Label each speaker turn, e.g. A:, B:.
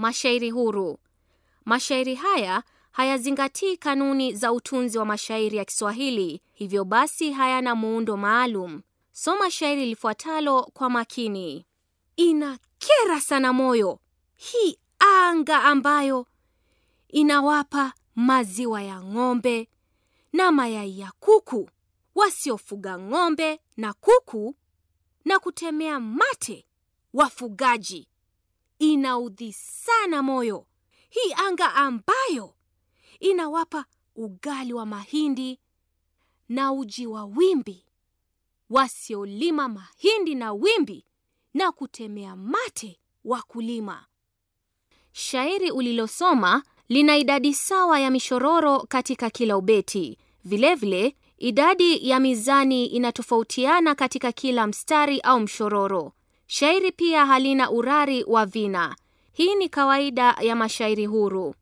A: Mashairi huru. Mashairi haya hayazingatii kanuni za utunzi wa mashairi ya Kiswahili, hivyo basi hayana muundo maalum. Soma shairi lifuatalo kwa makini. Inakera sana moyo hii anga ambayo inawapa maziwa ya ng'ombe na mayai ya kuku wasiofuga ng'ombe na kuku na kutemea mate wafugaji inaudhi sana moyo hii anga ambayo inawapa ugali wa mahindi na uji wa wimbi, wasiolima mahindi na wimbi na kutemea mate wa kulima Shairi ulilosoma lina idadi sawa ya mishororo katika kila ubeti. Vilevile, idadi ya mizani inatofautiana katika kila mstari au mshororo. Shairi pia halina urari wa vina. Hii ni kawaida ya mashairi huru.